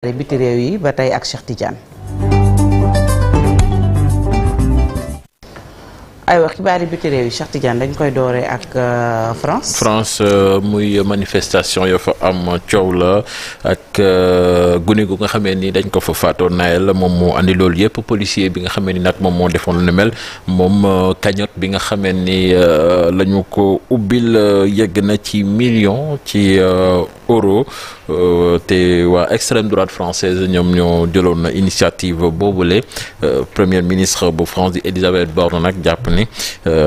biti réew yi ba tey ak Cheikh Tidiane. aywa xibaari biti réew yi Cheikh Tidiane dañ koy doore ak euh, France. France euh, muy manifestation yoo fa am coow la ak euh, gune gu nga xamee ni dañ ko fa faatoon Naël moom moo andi loolu yëpp policier bi nga xamee ni nag moom moo defoon lu mel moom cagnotte bi nga xamee ni la ñu ko ubbil yegg na ci million ci. euro euh, te waa extrême droite française ñoom ñoo jëloon na initiative boobule euh, premier ministre bu France di Elisabeth Borne nag jàpp ni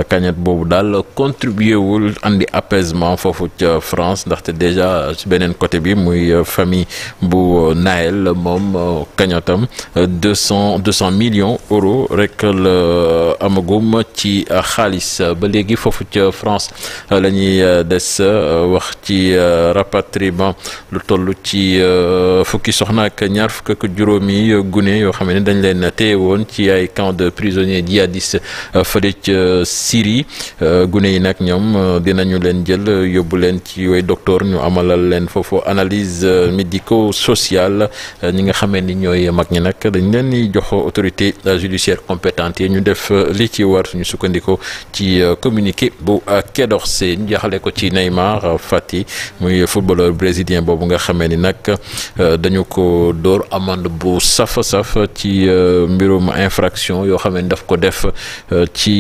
kañet euh, boobu daal contribué wul andi apaisement foofu ca France ndaxte déjà ci beneen coté bi muy famille bu Nahel moom kañotam deux cent deux cent millions euros rek la amagum ci xaalis ba léegi foofu ca France la des wax ci rapatriement Taliban lu toll ci euh, fukki soxna ak ñaar fukk ak juróomi euh, gune yoo xam ne dañ leen téye woon ci ay camp de prisonniers djihadistes euh, fële ca Syrie gune yi nag ñoom dinañu leen jël yóbbu leen ci way docteur ñu amalal leen foofu analyse médico-sociale ñi nga xamee ni ñooy mag ñi nag dañ leen di jox autorité judiciaire compétente yi ñu def li ci war suñu sukkandikoo ci communiqué bu Quai d'Orsay ñu jaxale ko ci Neymar Fati muy footballeur brésilien boobu nga xamee ni nag euh, dañu ko dóor amande bu safa saf ci euh, mbirum infraction yoo xamee ni daf ko def euh, ci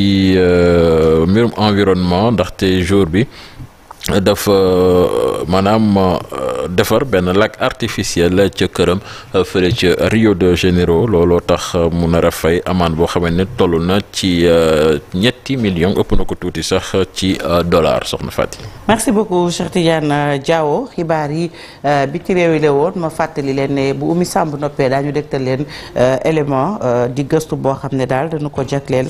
mbirum environnement ndaxte jour bi dafa maanaam defar benn lac artificiel ca këram euh, fële ca Rio de Janeiro looloo tax euh, mu nar a fay amende boo xamante ne toll na ci euh, ñetti millions ëpp na ko tuuti sax ci dollar soxna Fati. merci beaucoup Cheikh Tidiane Diawo xibaar yi bi ci yi la woon ma fàttali leen ne bu Oumy Samb noppee daañu dégtal leen élément di gëstu boo xam ne daal dañu ko jagleel